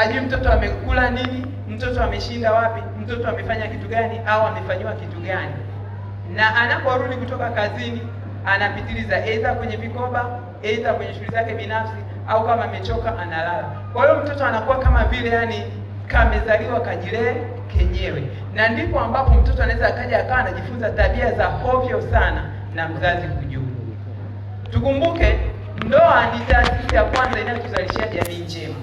hajui mtoto amekula nini, mtoto ameshinda wapi, mtoto amefanya kitu gani au amefanyiwa kitu gani, na anaporudi kutoka kazini anapitiliza aidha kwenye vikoba, aidha kwenye shughuli zake binafsi, au kama amechoka analala. Kwa hiyo mtoto anakuwa kama vile yani kamezaliwa kajilee kenyewe, na ndipo ambapo mtoto anaweza akaja akawa anajifunza tabia za hovyo sana na mzazi kujua. Tukumbuke ndoa ni taasisi ya kwanza inayotuzalishia jamii njema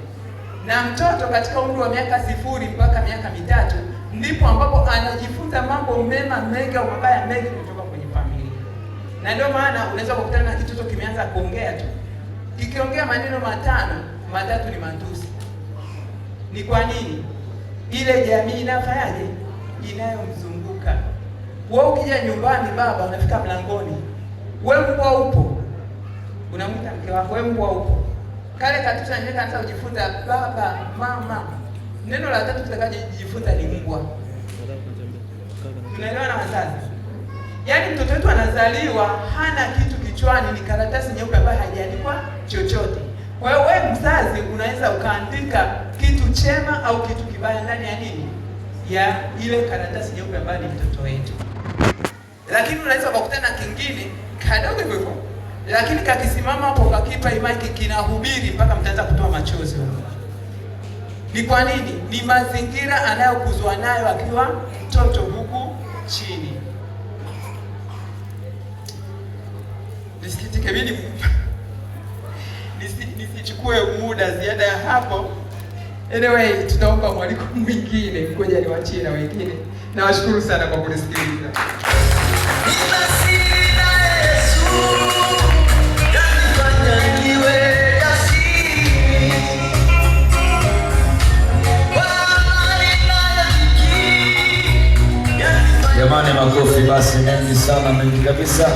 na mtoto katika umri wa miaka sifuri mpaka miaka mitatu ndipo ambapo anajifunza mambo mema mengi au mabaya mengi kutoka kwenye familia, na ndio maana unaweza kukutana na kitoto kimeanza kuongea tu, kikiongea maneno matano matatu ni matusi. Ni kwa nini? Ile jamii inafanyaje? Inayomzunguka. Wewe ukija nyumbani, baba unafika mlangoni, wewe mbwa upo, unamwita mke wako, wewe mbwa upo Kale na nene kanisa ujifunza baba, mama. Neno la tatu tutakajifunza ni Tunaelewa na wazazi? Yaani mtoto wetu anazaliwa hana kitu kichwani, ni karatasi nyeupe ambayo haijaandikwa chochote. Kwa hiyo wewe mzazi unaweza ukaandika kitu chema au kitu kibaya ndani ya nini? Ya ile karatasi nyeupe ambayo ni mtoto wetu. Lakini unaweza ukakutana kingine kadogo hivyo lakini kakisimama hapo kakipa imani kinahubiri mpaka mtaanza kutoa machozi. Ni kwa nini? Ni mazingira anayokuzwa nayo akiwa mtoto huku chini. Nisikitike mimi nisichukue muda ziada ya hapo. Anyway, tutaomba mwaliko mwingine, ngoja niwachie na wengine. Nawashukuru sana kwa kunisikiliza. Jamani, makofi basi mengi sana, mengi kabisa.